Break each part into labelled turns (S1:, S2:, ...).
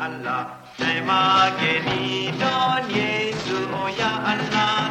S1: Allah, sai magani don Yesu, oh ya Allah.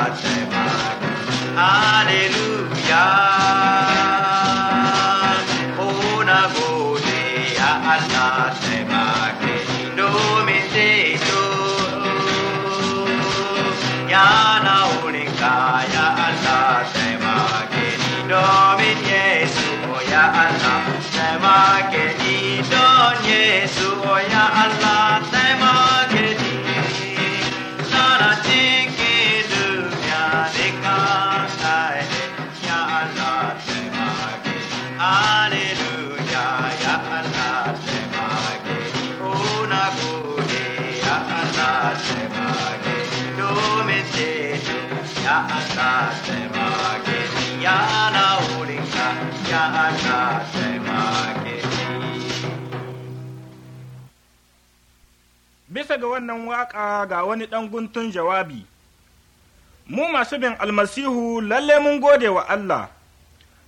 S1: Fatima.
S2: Bisa ga wannan waƙa ga wani ɗan guntun jawabi, mu masu bin almasihu lalle mun gode wa Allah,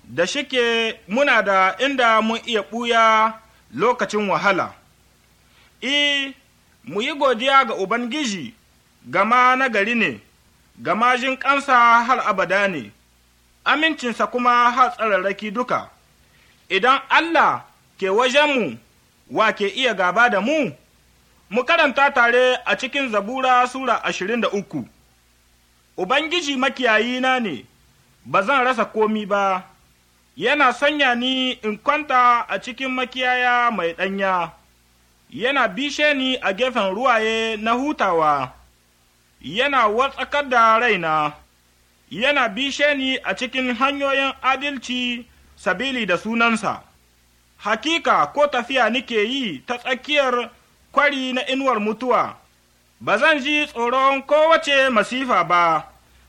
S2: da shike muna da inda mun iya ɓuya lokacin wahala. I, e, mu yi godiya ga Ubangiji, gama nagari ne, gama jin ƙansa har abada ne, amincinsa kuma har tsararraki duka. idan Allah ke wajenmu, wa ke iya gaba da mu? Mu karanta tare a cikin Zabura Sura ashirin da uku, Ubangiji makiyayina ne, ba zan rasa komi ba, yana sanya ni in kwanta a cikin makiyaya mai ɗanya, yana bishe ni a gefen ruwaye na hutawa, yana watsakar da raina, yana bishe ni a cikin hanyoyin adalci sabili da sunansa, hakika ko tafiya nike yi ta tsakiyar kwari na inuwar mutuwa, ba zan ji tsoron kowace masifa ba,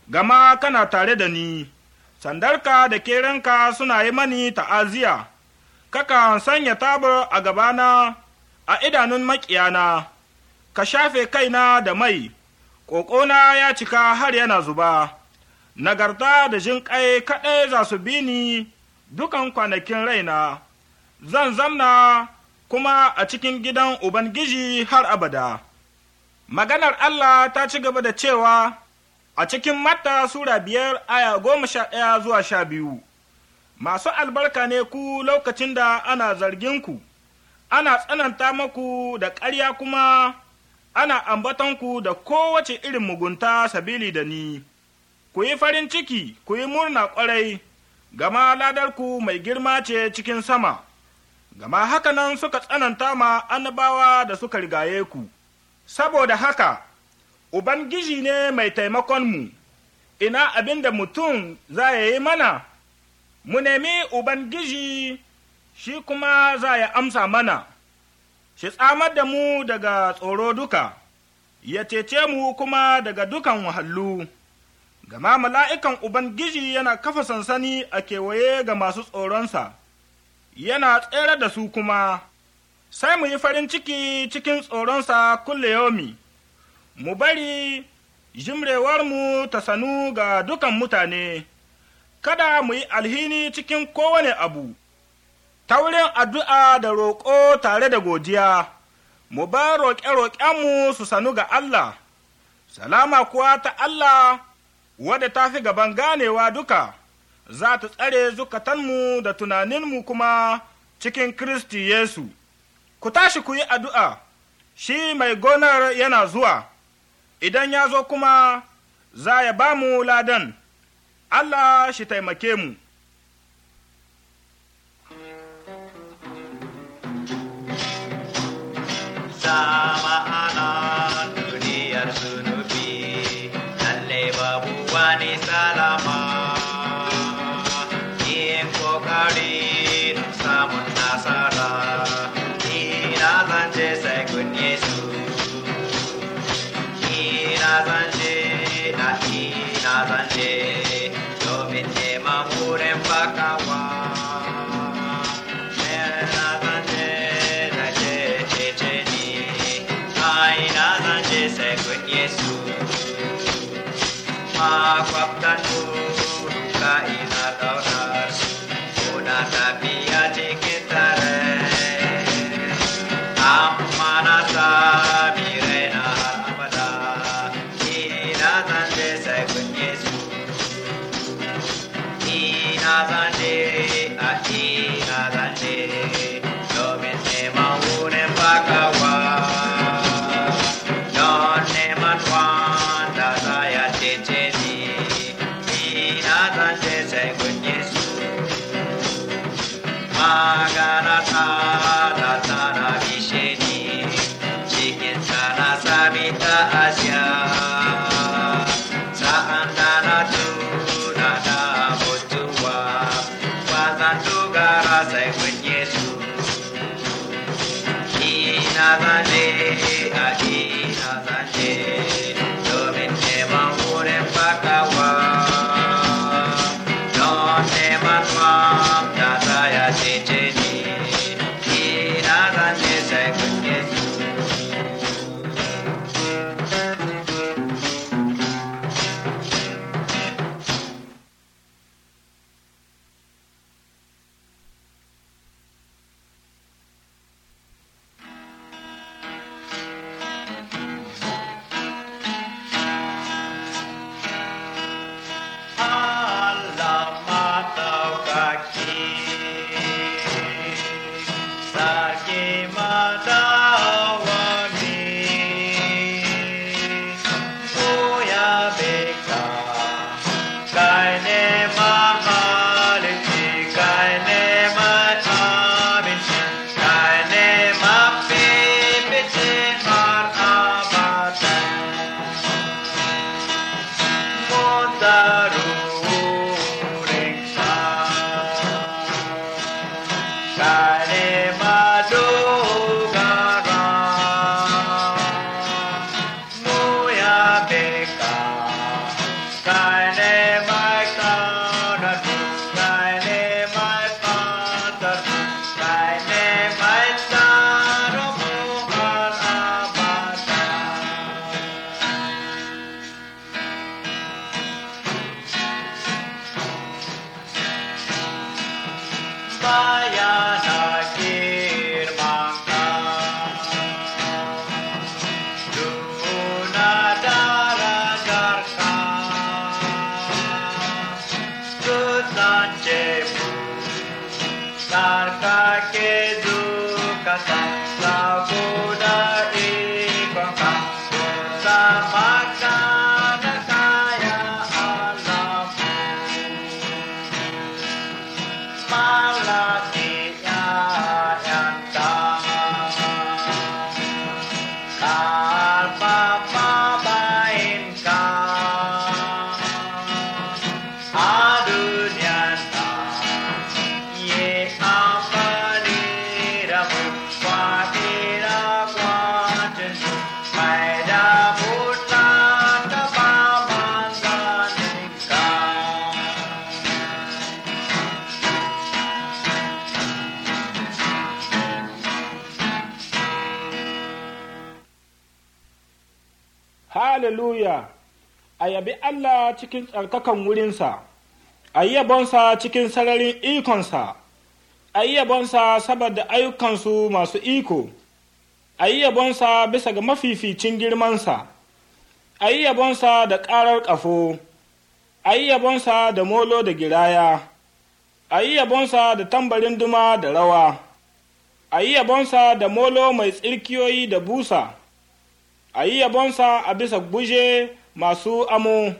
S2: gama kana tare da ni, sandarka da kerenka suna yi mani ta'aziya, kaka sanya tabar a gabana a idanun maƙiyana, ka shafe kaina da mai, ƙoƙona ya cika har yana zuba, nagarta da jinƙai kaɗai za su bi ni dukan kwanakin raina, zan zamna kuma a cikin gidan Ubangiji har abada. Maganar Allah ta ci gaba da cewa a cikin Matta Sura biyar aya goma sha ɗaya zuwa sha biyu, masu albarka ne ku lokacin da ana zargin ku, ana tsananta maku da ƙarya kuma ana ambatonku da kowace irin mugunta sabili da ni, ku yi farin ciki, ku yi murna ƙwarai. gama ladarku mai girma ce cikin sama, gama haka nan suka tsananta ma annabawa da suka rigaye ku, saboda haka, Ubangiji ne mai taimakonmu, ina abin da mutum za ya yi mana, mu nemi Ubangiji shi kuma za ya amsa mana, shi tsamar da mu daga tsoro duka, ya cece mu kuma daga dukan wahallu. gama mala'ikan Ubangiji yana kafa sansani a kewaye ga masu tsoronsa, yana tsere da su kuma, sai mu yi farin ciki cikin tsoronsa kulle yomi, mu bari jimrewarmu ta sanu ga dukan mutane, kada mu yi alhini cikin kowane abu, ta wurin addu'a da roƙo tare da godiya, mu ba roƙe-roƙenmu su sanu ga Allah, salama kuwa ta Allah. wadda ta fi gaban ganewa duka, za ta tsare zukatanmu da tunaninmu kuma cikin Kiristi Yesu. Ku tashi ku yi addu'a, shi mai gonar yana zuwa, idan ya zo kuma za ya ba mu ladan, Allah shi taimake mu. Sama
S1: ana Havana. Sanche, Sarka ke dukata.
S2: haleluya a yabi Allah cikin tsarkakan wurinsa a yi yabonsa cikin sararin ikonsa a yi yabonsa saboda ayyukansu masu iko a yi yabonsa bisa ga mafificin girmansa a yi yabonsa da ƙarar ƙafo a yi yabonsa da molo da giraya a yi yabonsa da tambarin duma da rawa a yi yabonsa da molo mai tsirkiyoyi da busa a yi yabonsa a bisa guje masu amo,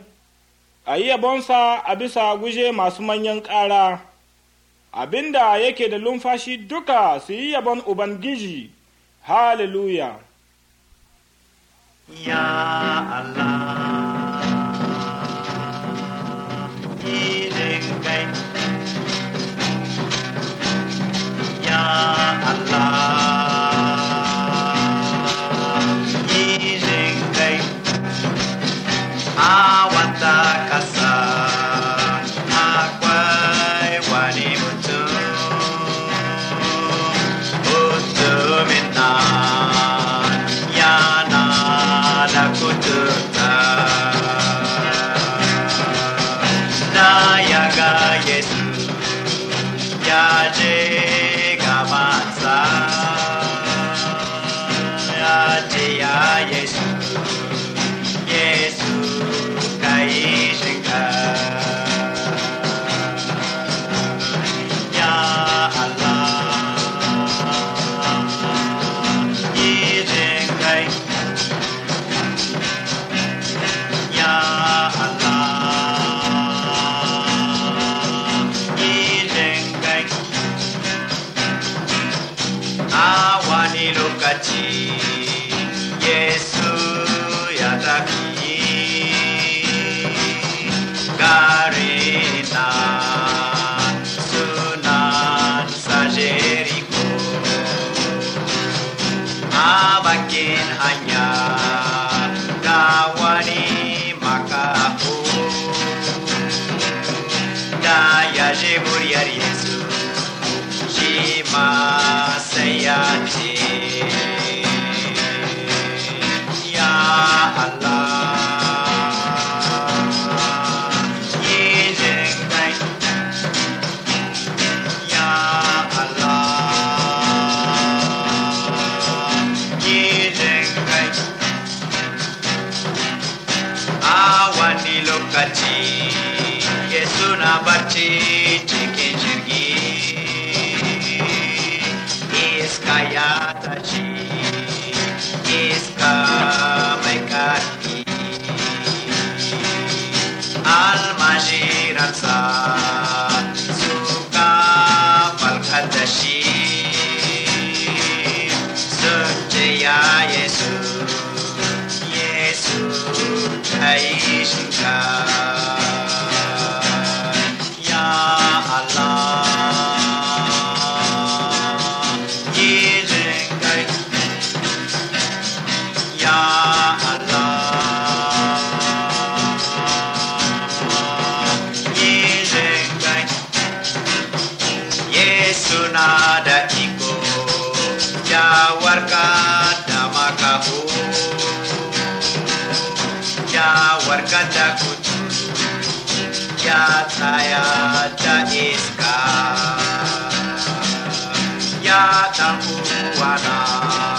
S2: a yi yabonsa a bisa guje masu manyan ƙara, abinda yake da lumfashi duka su yi yabon Ubangiji, hallelujah.
S1: Ya Allah. wasting time. tsaya tsaya da iska ya dan uwana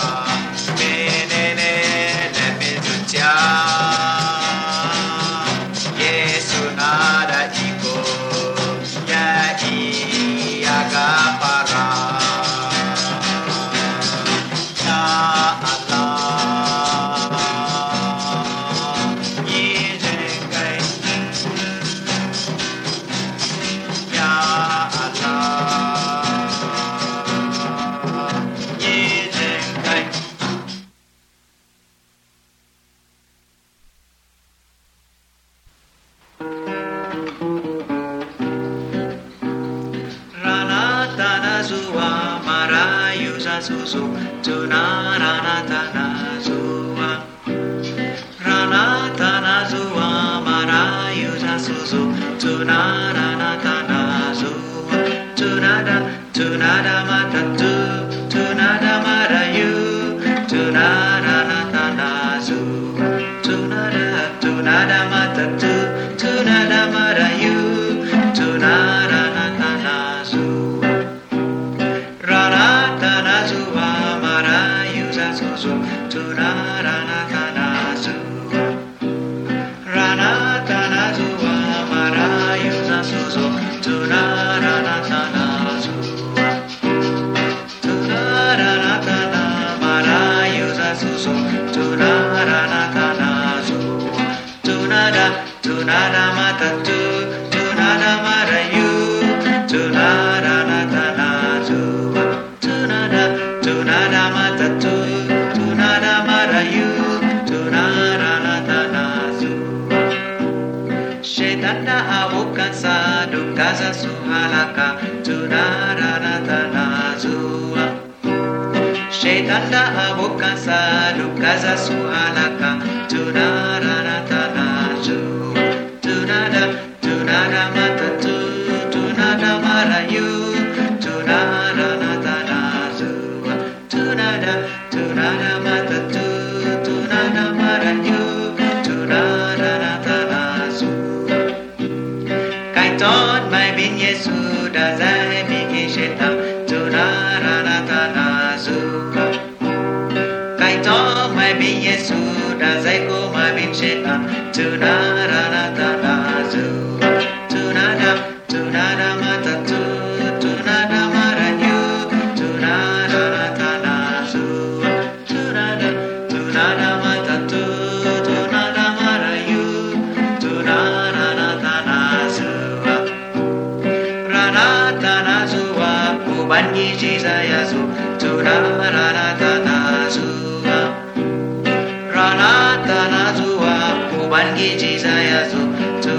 S1: tanda abokansa dukaza suhalaka tunarararana zua she tanda abokansa dukaza suhalaka tunarararana na ra Tuna, ta na Zoo.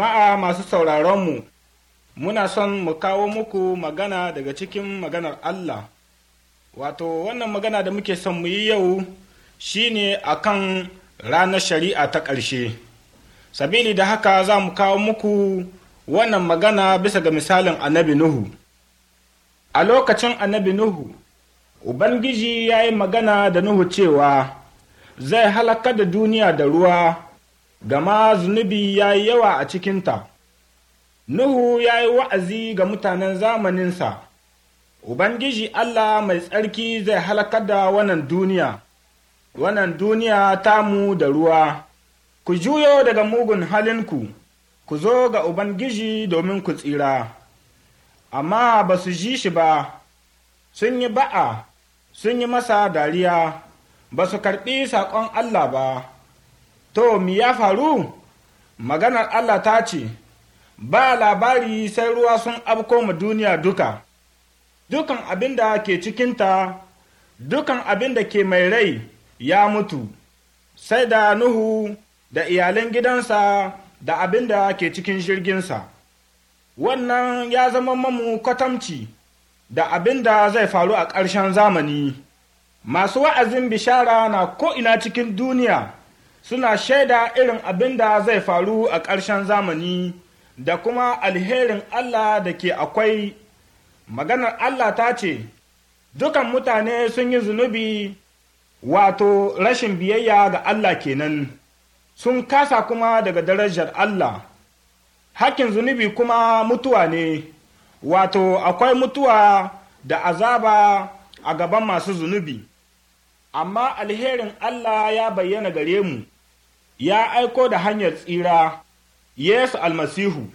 S2: Jama'a masu sauraronmu, muna son mu kawo muku magana daga cikin maganar Allah. Wato, wannan magana da muke son mu yi yau shi ne a kan ranar shari'a ta ƙarshe. Sabili da haka za mu kawo muku wannan magana bisa ga misalin annabi Nuhu. A lokacin annabi Nuhu, Ubangiji ya yi magana da Nuhu cewa, Zai halaka da duniya da ruwa gama zunubi ya yi yawa a cikinta. Nuhu ya yi wa'azi ga mutanen zamaninsa, Ubangiji Allah mai tsarki zai halakar da wannan duniya, wannan duniya ta mu da ruwa, ku juyo daga mugun halinku, ku zo ga Ubangiji domin ku tsira, amma ba su ji shi ba, sun yi ba'a, sun yi masa dariya, ba su karɓi saƙon Allah ba. To, mi ya faru? Maganar Allah ta ce, Ba labari sai ruwa sun afko mu duniya duka, dukan abin da ke cikinta, dukan abin da ke mai rai ya mutu, sai da Nuhu da iyalan gidansa da abin da ke cikin jirginsa. Wannan ya zama mamu kwatamci da abin da zai faru a ƙarshen zamani. Masu wa'azin bishara na ko'ina cikin duniya. suna shaida irin abin da zai faru a ƙarshen zamani da kuma alherin Allah da ke akwai maganar Allah ta ce, Dukan mutane sun yi zunubi wato rashin biyayya ga Allah kenan, sun kasa kuma daga darajar Allah, hakkin zunubi kuma mutuwa ne, wato akwai mutuwa da azaba a gaban masu zunubi. Amma alherin Allah ya bayyana gare mu. ya aiko da hanyar tsira Yesu almasihu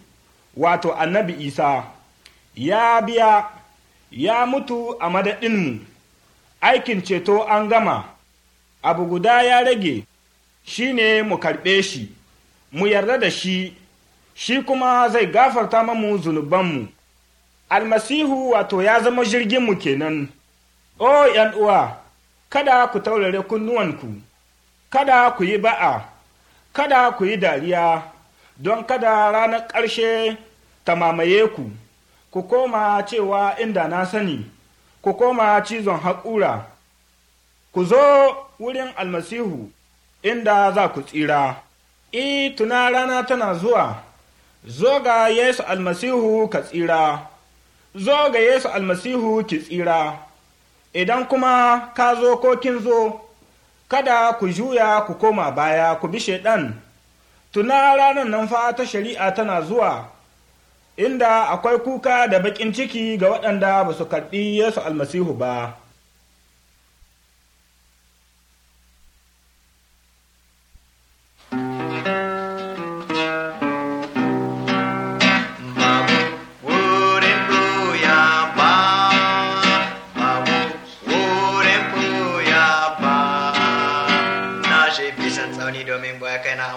S2: wato annabi Isa ya biya ya mutu a madadinmu aikin ceto an gama abu guda ya rage shi ne mu karɓe shi mu yarda da shi shi kuma zai gafarta mamu zunubanmu almasihu wato ya zama jirginmu kenan o uwa kada ku taurare kunnuwanku kada ku yi ba'a kada ku yi dariya don kada ranar ƙarshe ta mamaye ku ku koma cewa inda na sani ku koma cizon haƙura ku zo wurin almasihu inda za ku tsira i tuna rana tana zuwa zo ga yesu almasihu ka tsira zo ga yesu almasihu ki tsira idan kuma ka zo ko kin zo kada ku juya ku koma baya ku bi shaiɗan, tuna ranar nan fa ta shari'a tana zuwa, inda akwai kuka da baƙin ciki ga waɗanda ba su karɓi Yesu almasihu ba.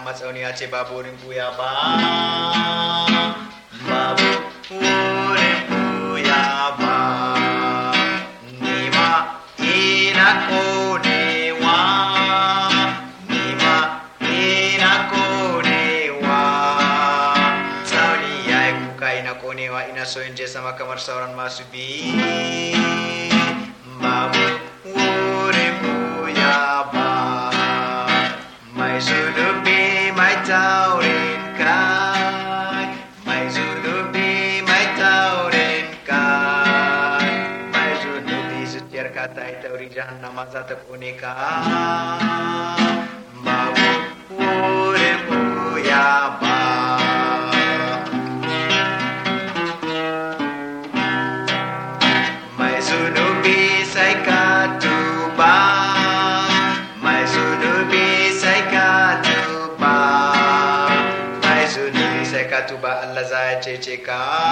S1: matsaunin ya ce babu wurin buya ba babu wurin ba ni ma ina konewa ni ma ina konewa tsauni ya yi kuka ina konewa ina so je sama kamar sauran masubi, bi masa tepunika mbawu uripku ya ba mai sunubi katuba mai sunubi katuba mai sunubi katuba Allah za ya ka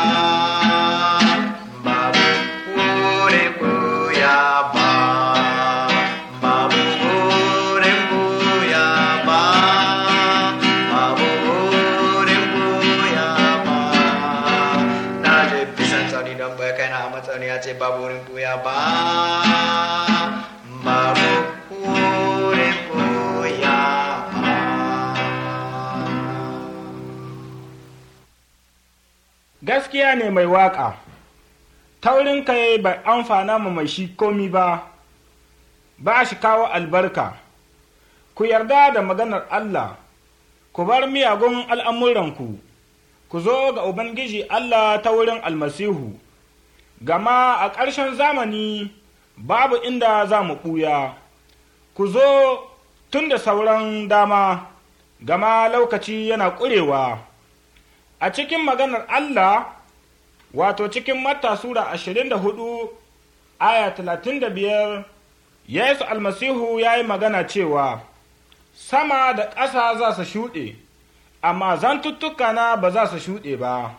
S2: gaskiya ne mai waƙa taurin kai bai amfana ma mai shi komi ba ba shi kawo albarka ku yarda da maganar Allah ku bar miyagun al'amuranku ku zo ga Ubangiji Allah ta wurin almasihu gama a ƙarshen zamani babu inda za mu ɓuya, ku zo tun da sauran dama, gama lokaci yana ƙurewa. A cikin maganar Allah, wato cikin Matta Sura ashirin da hudu, aya talatin da biyar, Yesu almasihu ya yi magana cewa, Sama da ƙasa za su shuɗe, amma zantuttuka na ba za su shuɗe ba.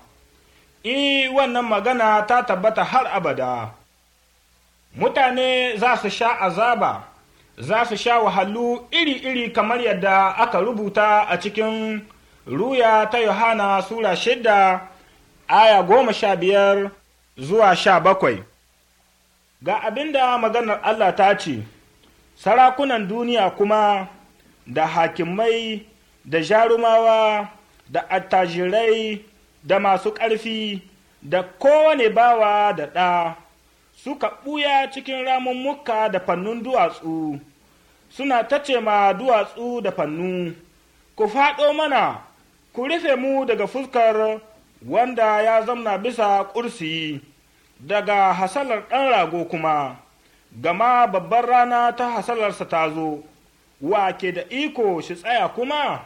S2: e wannan magana ta tabbata har abada. Mutane za su sha azaba, za su sha wahalu iri-iri kamar yadda aka rubuta a cikin ruya ta Yohana Sura shida aya goma sha biyar zuwa sha bakwai. Ga abinda da maganar Allah ta ce, Sarakunan duniya kuma da hakimai da jarumawa da attajirai da masu ƙarfi da kowane bawa da ɗa suka ɓuya cikin ramummuka da fannun duwatsu suna ta ce ma duwatsu da fannu ku faɗo mana ku rufe mu daga fuskar wanda ya zamna bisa ƙursi daga hasalar ɗan rago kuma gama babbar rana ta hasalarsa ta zo wa ke da iko shi tsaya kuma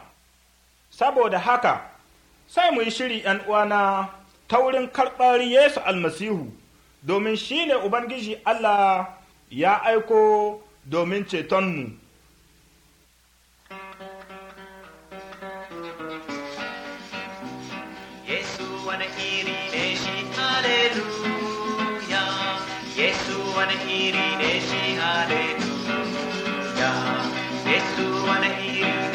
S2: saboda haka sai mu yi shiri ‘yan uwana ta wurin karɓar Yesu almasihu, domin shi ne Ubangiji Allah ya aiko domin cetonmu.
S1: Yesu wani iri ne shi, haleluya, Yesu wani iri ne shi, haleluya, Yesu wani iri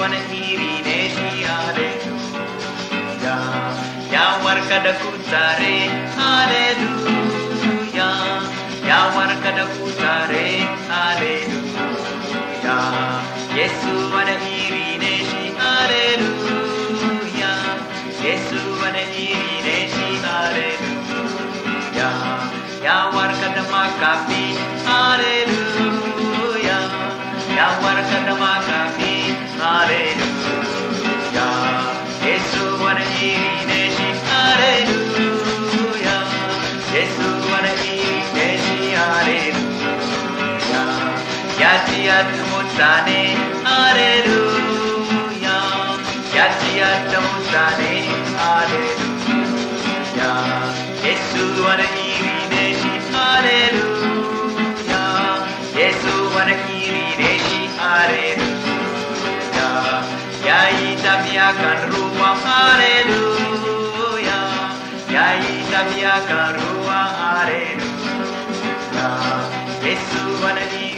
S1: wani iri ne shi haleluya ya warka da kutare haleluya ya warka da kutare haleluya yesu wani iri ne shi haleluya yesu wani iri ne shi haleluya ya warka da makafi haleluya ya warka da makafi Yatiat Musane Alleluia Yatiat Musane Alleluia Yesu wana kiri neshi Alleluia Yesu wana kiri neshi Alleluia Yaita miakan ruwa Alleluia Yaita miakan ruwa Alleluia Yesu wana kiri.